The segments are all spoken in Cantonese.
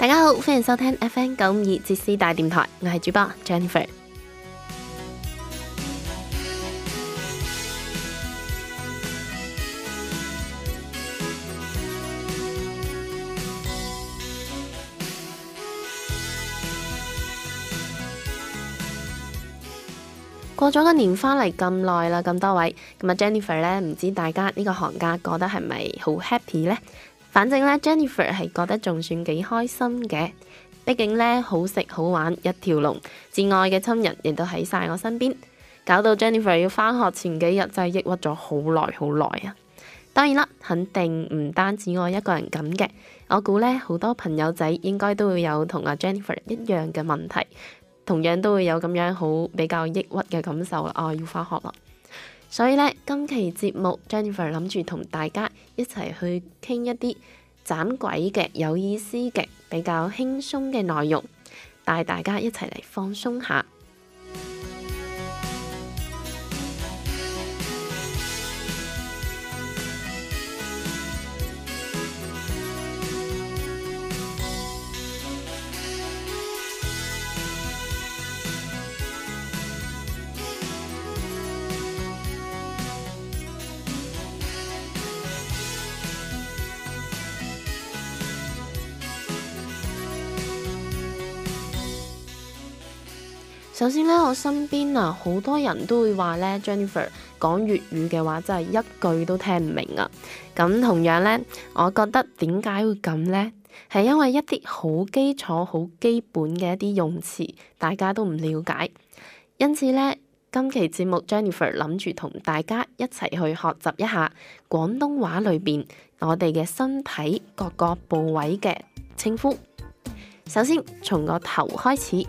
大家好，歡迎收聽 FM 九五二浙師大電台，我係主播 Jennifer。過咗個年翻嚟咁耐啦，咁多位，咁啊 Jennifer 咧，唔知大家呢個寒假過得係咪好 happy 呢？反正咧，Jennifer 係覺得仲算幾開心嘅，畢竟咧，好食好玩一條龍，至愛嘅親人亦都喺晒我身邊，搞到 Jennifer 要翻學前幾日就係抑鬱咗好耐好耐啊！當然啦，肯定唔單止我一個人咁嘅，我估咧，好多朋友仔應該都會有同阿 Jennifer 一樣嘅問題，同樣都會有咁樣好比較抑鬱嘅感受啦，啊我要翻學啦。所以呢，今期節目 Jennifer 諗住同大家一齊去傾一啲盞鬼嘅、有意思嘅、比較輕鬆嘅內容，帶大家一齊嚟放鬆下。首先咧，我身邊啊好多人都會話咧，Jennifer 講粵語嘅話真係一句都聽唔明啊！咁同樣咧，我覺得點解會咁呢？係因為一啲好基礎、好基本嘅一啲用詞，大家都唔了解。因此咧，今期節目 Jennifer 諗住同大家一齊去學習一下廣東話裏邊我哋嘅身體各個部位嘅稱呼。首先從個頭開始。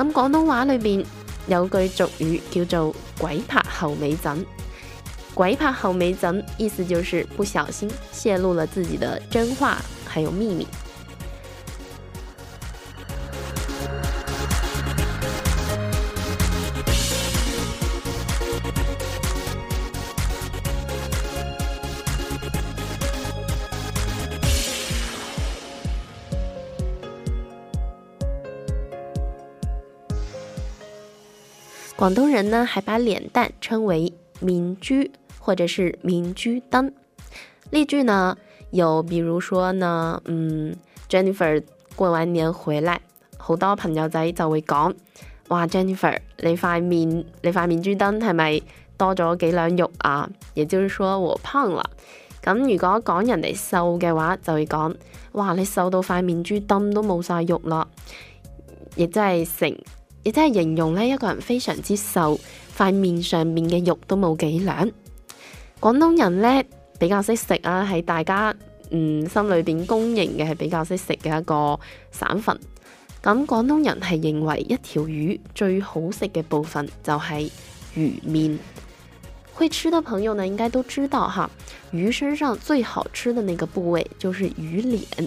咁廣東話裏面有句俗語叫做“鬼拍後尾枕”，鬼拍後尾枕意思就是不小心泄露了自己的真話，還有秘密。廣東人呢，還把臉蛋稱為面珠，或者是面珠燈。例句呢，有，比如說呢，嗯，Jennifer 過完年回來，好多朋友仔就會講：哇，Jennifer 你塊面，你塊面珠燈係咪多咗幾兩肉啊？也就是瘦咗和胖啦。咁如果講人哋瘦嘅話，就會講：哇，你瘦到塊面珠燈都冇晒肉啦，亦真係成。亦即係形容呢，一個人非常之瘦，塊面上面嘅肉都冇幾兩。廣東人呢，比較識食啊，係大家嗯心裏邊公認嘅係比較識食嘅一個省份。咁廣東人係認為一條魚最好食嘅部分就係魚面。會吃的朋友呢，應該都知道哈，魚身上最好吃的那個部位就是魚臉。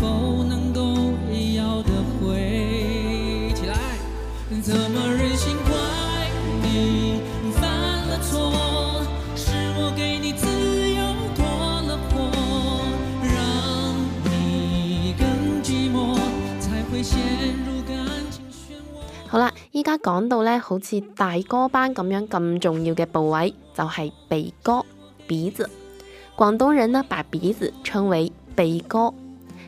能夠好啦，依家講到呢，好似大哥班咁樣咁重要嘅部位，就係、是、鼻哥鼻子。廣東人呢，把鼻子稱為鼻哥。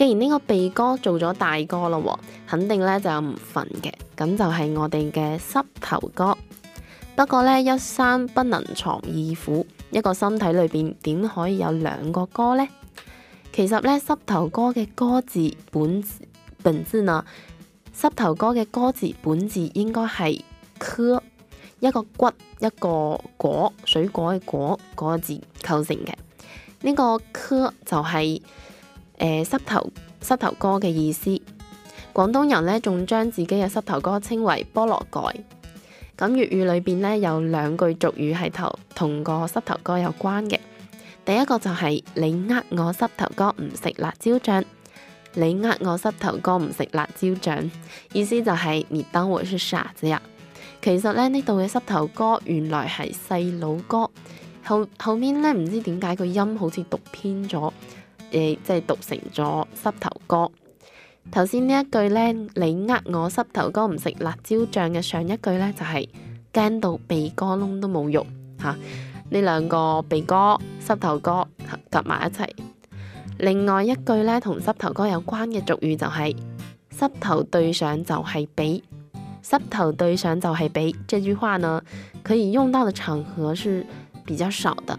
既然呢個鼻哥做咗大哥咯，肯定咧就有唔忿嘅，咁就係我哋嘅膝頭哥。不過咧，一山不能藏二虎，一個身體裏邊點可以有兩個哥呢？其實咧，膝頭哥嘅哥字本字本字啊，膝頭哥嘅哥字本字應該係科，一個骨一個果，水果嘅果嗰、那個字構成嘅。呢、這個科就係、是。誒、呃，膝頭膝頭哥嘅意思，廣東人咧仲將自己嘅膝頭哥稱為菠蘿蓋。咁粵語裏邊咧有兩句俗語係頭同個膝頭哥有關嘅，第一個就係、是、你呃我膝頭哥唔食辣椒醬，你呃我膝頭哥唔食辣椒醬，意思就係熱燈會出沙子呀。其實咧呢度嘅膝頭哥原來係細佬哥，後後面咧唔知點解個音好似讀偏咗。誒，即係讀成咗膝頭哥。頭先呢一句呢，你呃我膝頭哥唔食辣椒醬嘅上一句呢，就係驚到鼻哥窿都冇肉吓。呢、啊、兩個鼻哥、膝頭哥夾埋一齊。另外一句呢，同膝頭哥有關嘅俗語就係、是、膝頭對上就係髀，膝頭對上就係髀。這句話呢，可以用到嘅場合是比較少的。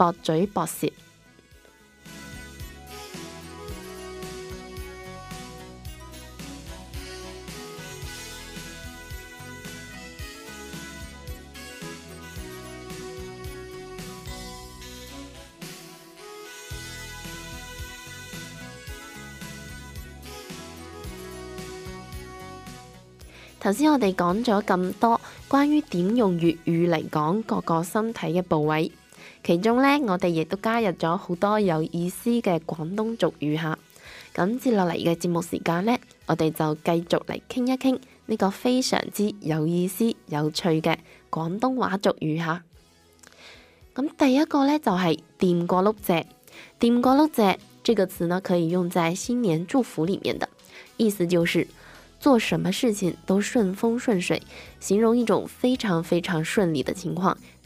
駁嘴駁舌。頭先我哋講咗咁多關於點用粵語嚟講各個身體嘅部位。其中呢，我哋亦都加入咗好多有意思嘅廣東俗語吓。咁接落嚟嘅節目時間呢，我哋就繼續嚟傾一傾呢個非常之有意思、有趣嘅廣東話俗語吓。咁第一個呢、就是，就係“掂過碌蔗”，“掂過碌蔗”這個詞呢，可以用在新年祝福裏面的，意思就是做什麼事情都順風順水，形容一種非常非常順利的情況。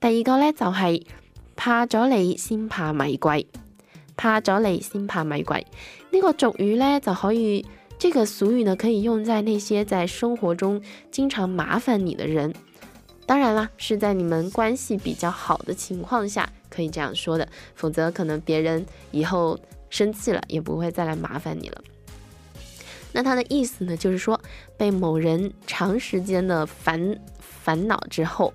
第二個咧就係怕咗你先怕米貴，怕咗你先怕米貴。那個、呢個俗語咧就可以，這個俗語呢可以用在那些在生活中經常麻煩你的人。當然啦，是在你們關係比較好的情況下可以這樣說的，否則可能別人以後生氣了也不會再來麻煩你了。那它的意思呢，就是說被某人長時間的煩煩惱之後。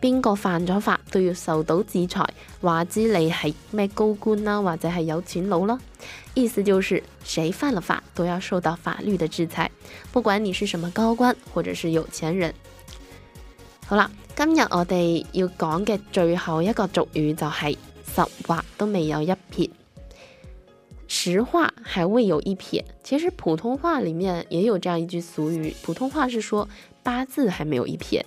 邊個犯咗法都要受到制裁，話之你係咩高官啦、啊，或者係有錢佬啦，意思就是誰犯了法都要受到法律的制裁，不管你是什麼高官或者是有錢人。好啦，今日我哋要講嘅最後一個俗語就係十畫都未有一撇，十畫還未有一撇。其實普通話裏面也有這樣一句俗語，普通話是說八字還沒有一撇。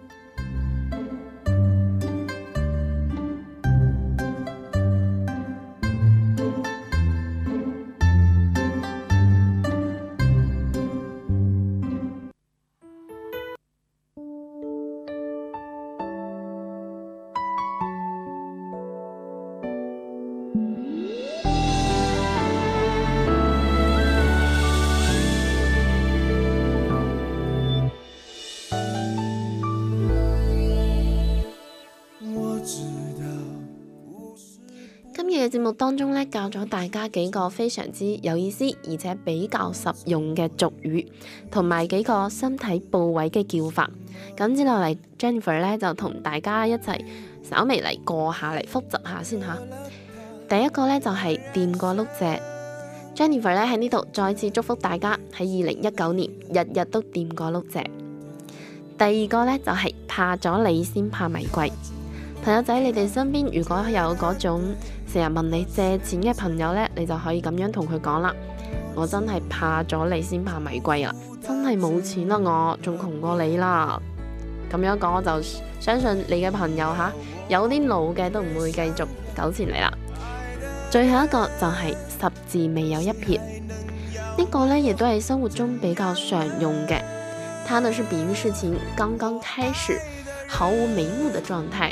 當中咧，教咗大家幾個非常之有意思，而且比較實用嘅俗語，同埋幾個身體部位嘅叫法。咁接落嚟，Jennifer 咧，就同大家一齊稍微嚟過下嚟復習下先吓。第一個咧，就係掂過碌蔗，Jennifer 咧，喺呢度再次祝福大家喺二零一九年日日都掂過碌蔗。第二個咧，就係怕咗你先怕玫瑰。朋友仔，你哋身邊如果有嗰種。成日問你借錢嘅朋友呢，你就可以咁樣同佢講啦。我真係怕咗你先怕米貴啦，真係冇錢啦，我仲窮過你啦。咁樣講我就相信你嘅朋友吓有啲老嘅都唔會繼續糾纏你啦。最後一個就係十字未有一撇，呢個呢亦都係生活中比較常用嘅，它呢是比喻事情剛剛開始，毫無眉目的狀態。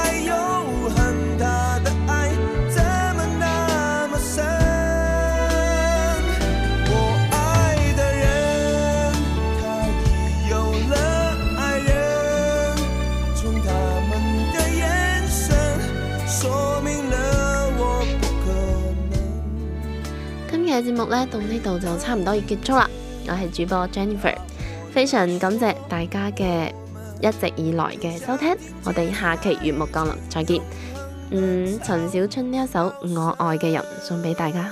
到呢度就差唔多要結束啦，我係主播 Jennifer，非常感謝大家嘅一直以來嘅收聽，我哋下期月目降臨再見，嗯，陳小春呢一首我愛嘅人送俾大家。